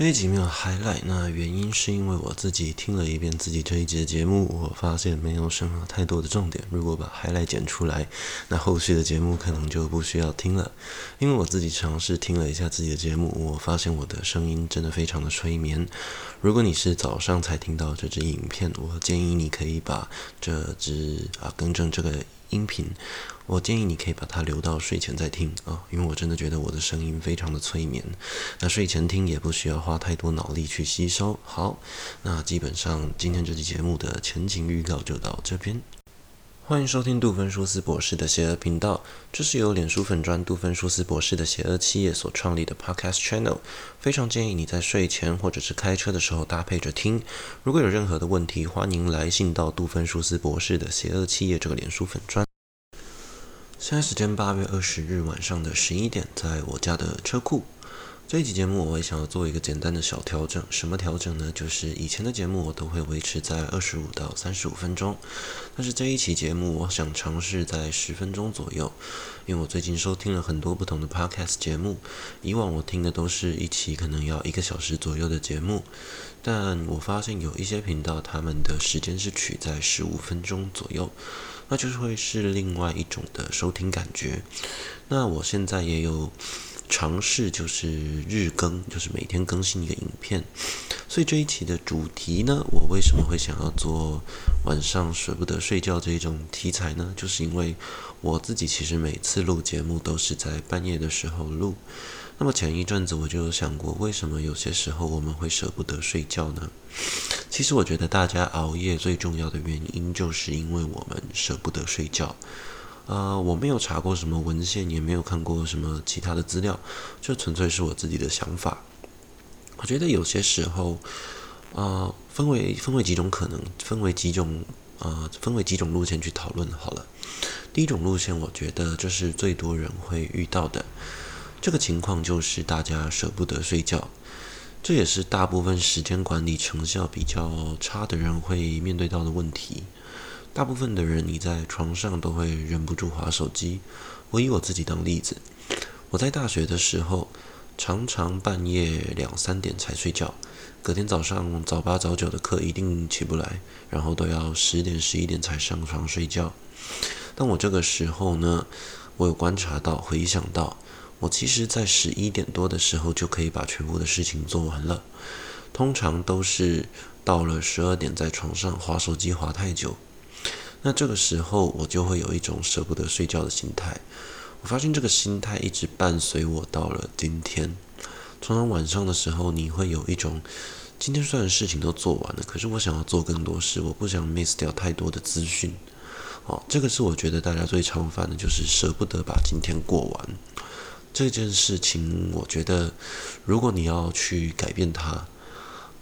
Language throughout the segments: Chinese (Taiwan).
這一集沒有 highlight，那原因是因為我自己聽了一遍自己這一集的節目，我發現沒有什麼太多的重點。如果把 highlight 剪出來，那後續的節目可能就不需要聽了。因為我自己嘗試聽了一下自己的節目，我發現我的聲音真的非常的催眠。如果你是早上才聽到這支影片，我建議你可以把這支啊更正這個。音頻，我建議你可以把它留到睡前再聽啊，因為我真的覺得我的聲音非常的催眠，那睡前聽也不需要花太多腦力去吸收。好，那基本上今天這期節目的前情預告就到這邊。歡迎收聽杜芬舒斯博士的邪惡頻道，這是由臉書粉專杜芬舒斯博士的邪惡企業所創立的 Podcast Channel，非常建議你在睡前或者是開車的時候搭配着聽。如果有任何的問題，歡迎來信到杜芬舒斯博士的邪惡企業這個臉書粉專。現在時間八月二十日晚上的十一點，在我家的車庫。這一期節目我也想要做一個簡單的小調整，什麼調整呢？就是以前的節目我都會維持在二十五到三十五分鐘，但是這一期節目我想嘗試在十分鐘左右，因為我最近收聽了很多不同的 podcast 節目，以往我聽的都是一期可能要一個小時左右的節目，但我發現有一些頻道他們的時間是取在十五分鐘左右，那就是會是另外一種的收聽感覺。那我現在也有。嘗試就是日更，就是每天更新一個影片。所以這一期的主題呢，我為什麼會想要做晚上捨不得睡覺這一種題材呢？就是因為我自己其實每次錄節目都是在半夜的時候錄。那麼前一陣子我就有想過，為什麼有些時候我們會捨不得睡覺呢？其實我覺得大家熬夜最重要的原因，就是因為我們捨不得睡覺。呃，我沒有查過什麼文獻，也沒有看過什麼其他的資料，這純粹是我自己的想法。我覺得有些時候，呃，分為分為幾種可能，分為幾種，呃，分為幾種路線去討論好了。第一種路線，我覺得就是最多人會遇到的這個情況，就是大家捨不得睡覺，這也是大部分時間管理成效比較差的人會面對到的問題。大部分的人，你在床上都會忍不住滑手機。我以我自己當例子，我在大學的時候，常常半夜兩三點才睡覺，隔天早上早八早九的課一定起不來，然後都要十點十一點才上床睡覺。但我這個時候呢，我有觀察到，回想到我其實在十一點多的時候就可以把全部的事情做完了，通常都是到了十二點在床上滑手機滑太久。那這個時候，我就會有一種捨不得睡覺的心態。我發現這個心態一直伴隨我到了今天。通常晚上的時候，你會有一種，今天雖然事情都做完了，可是我想要做更多事，我不想 miss 掉太多的資訊。哦，這個是我覺得大家最常犯的，就是捨不得把今天過完這件事情。我覺得，如果你要去改變它。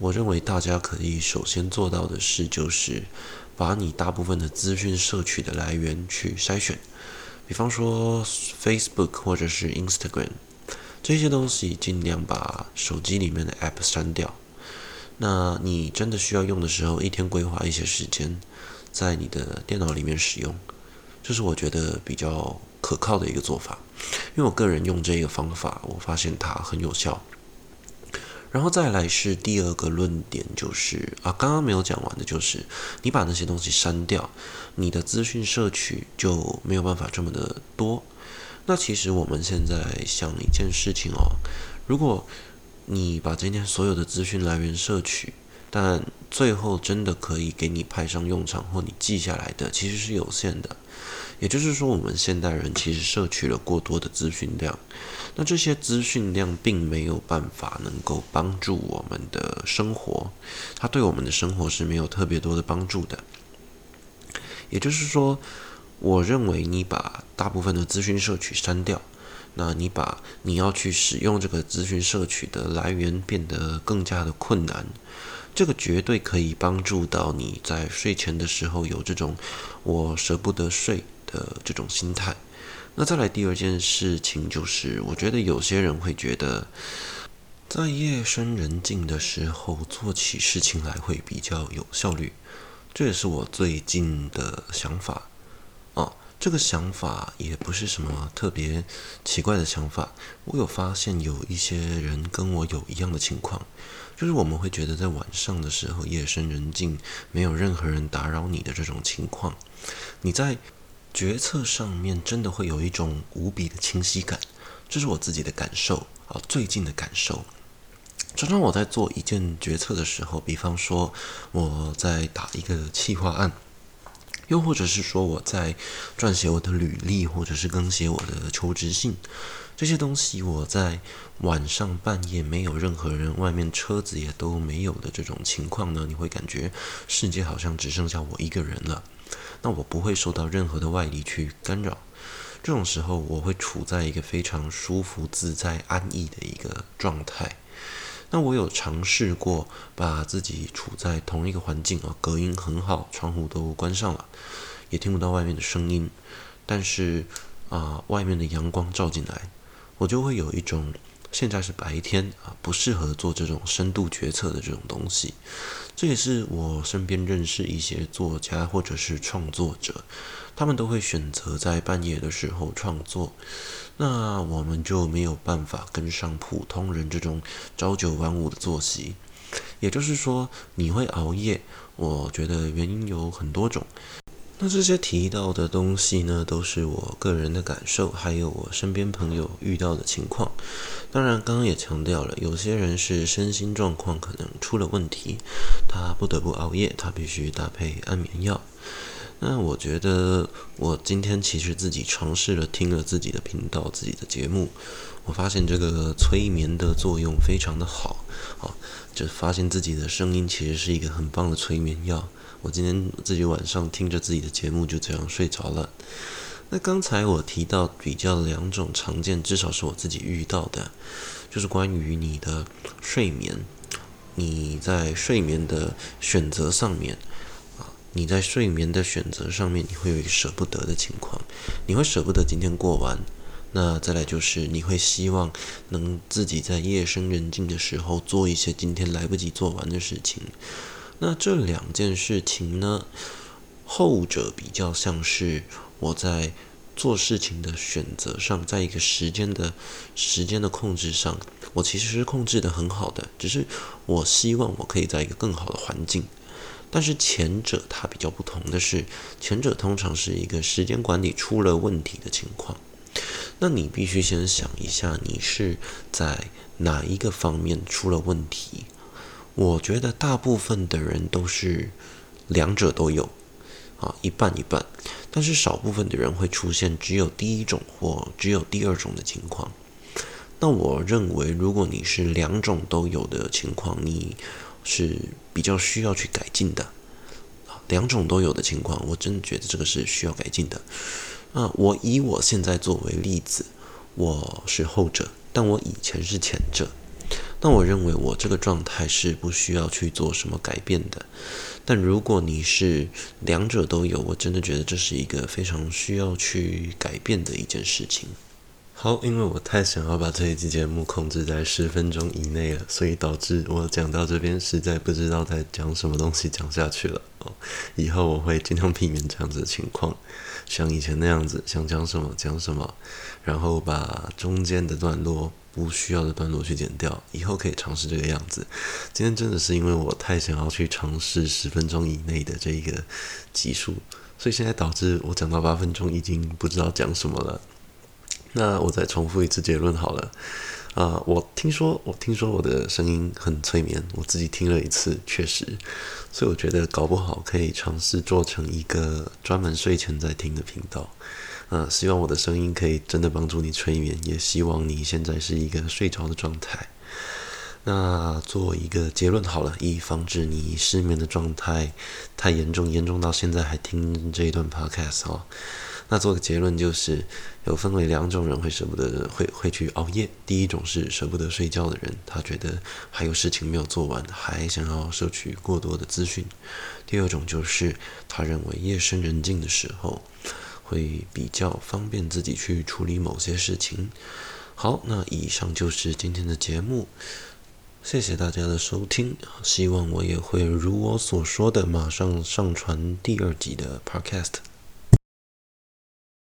我認為大家可以首先做到的事就是，把你大部分的資訊攝取的來源去篩選，比方說 Facebook 或者是 Instagram 這些東西，盡量把手機裡面的 App 刪掉。那你真的需要用的時候，一天規劃一些時間，在你的電腦裡面使用，這是我覺得比較可靠的一個做法。因為我個人用這個方法，我發現它很有效。然後再來是第二個論點，就是啊，剛剛沒有講完的，就是你把那些東西刪掉，你的資訊攝取就沒有辦法這麼的多。那其實我們現在想一件事情哦，如果你把今天所有的資訊來源攝取，但最後真的可以給你派上用場或你記下來的，其實是有限的。也就是說，我們現代人其實攝取了過多的資訊量，那這些資訊量並沒有辦法能夠幫助我們的生活，它對我們的生活是沒有特別多的幫助的。也就是說，我認為你把大部分的資訊攝取刪掉，那你把你要去使用這個資訊攝取的來源變得更加的困難，這個絕對可以幫助到你在睡前的時候有這種我捨不得睡。的這種心態，那再來第二件事情就是，我覺得有些人會覺得，在夜深人靜的時候做起事情來會比較有效率。這也是我最近的想法啊。哦，這個想法也不是什麼特別奇怪的想法。我有發現有一些人跟我有一樣的情況，就是我們會覺得在晚上的時候，夜深人靜，沒有任何人打擾你的這種情況，你在。決策上面真的會有一種無比的清晰感，這是我自己的感受啊，最近的感受。常常我在做一件決策的時候，比方說我在打一個企劃案。又或者是說，我在撰寫我的履歷，或者是撰寫我的求職信，這些東西，我在晚上半夜沒有任何人，外面車子也都沒有的這種情況呢，你會感覺世界好像只剩下我一個人了。那我不會受到任何的外力去干擾，這種時候，我會處在一個非常舒服、自在、安逸的一個狀態。那我有嘗試過把自己處在同一個環境啊，隔音很好，窗戶都關上了，也聽不到外面的聲音，但是啊、呃，外面的陽光照進來，我就會有一種。現在是白天啊，不適合做這種深度決策的這種東西。這也是我身邊認識一些作家或者是創作者，他們都會選擇在半夜的時候創作。那我們就沒有辦法跟上普通人這種朝九晚五的作息。也就是說，你會熬夜，我覺得原因有很多種。那這些提到的東西呢，都是我個人的感受，還有我身邊朋友遇到的情況。當然，剛剛也強調了，有些人是身心狀況可能出了問題，他不得不熬夜，他必須搭配安眠藥。那我覺得，我今天其實自己嘗試了聽了自己的頻道、自己的節目，我發現這個催眠的作用非常的好，就發現自己的聲音其實是一個很棒的催眠藥。我今天自己晚上聽着自己的節目，就這樣睡着了。那剛才我提到比較兩種常見，至少是我自己遇到的，就是關於你的睡眠，你在睡眠的選擇上面啊，你在睡眠的選擇上面你會有一個捨不得的情況，你會捨不得今天過完。那再來就是你會希望能自己在夜深人靜的時候做一些今天來不及做完的事情。那這兩件事情呢？後者比較像是我在做事情的選擇上，在一個時間的時間的控制上，我其實是控制得很好的。只是我希望我可以在一個更好的環境。但是前者它比較不同的是，前者通常是一個時間管理出了問題的情況。那你必須先想一下，你是在哪一個方面出了問題？我覺得大部分的人都是兩者都有，啊，一半一半，但是少部分的人會出現只有第一種或只有第二種的情況。那我認為，如果你是兩種都有的情況，你是比較需要去改進的。啊，兩種都有的情況，我真的覺得這個是需要改進的。啊，我以我現在作為例子，我是後者，但我以前是前者。那我認為我這個狀態是不需要去做什麼改變的，但如果你是兩者都有，我真的覺得這是一個非常需要去改變的一件事情。好，因為我太想要把這一期節目控制在十分鐘以內了，所以導致我講到這邊實在不知道再講什麼東西講下去了。以後我會盡量避免這樣子的情況，像以前那樣子，想講什麼講什麼，然後把中間的段落、不需要的段落去剪掉。以後可以嘗試這個樣子。今天真的是因為我太想要去嘗試十分鐘以內的這一個集數，所以現在導致我講到八分鐘已經不知道講什麼了。那我再重複一次結論好了。啊、呃，我聽說，我聽說我的聲音很催眠，我自己聽了一次，確實，所以我覺得搞不好可以嘗試做成一個專門睡前在聽的頻道。嗯、呃，希望我的聲音可以真的幫助你催眠，也希望你現在是一個睡着的狀態。那做一個結論好了，以防止你失眠的狀態太嚴重，嚴重到現在還聽這一段 Podcast 哦。那做個結論就是，有分為兩種人會捨不得會會去熬夜。第一種是捨不得睡覺的人，他覺得還有事情沒有做完，還想要攝取過多的資訊；第二種就是他認為夜深人靜的時候會比較方便自己去處理某些事情。好，那以上就是今天的節目，謝謝大家的收聽，希望我也會如我所說的馬上上傳第二集的 Podcast。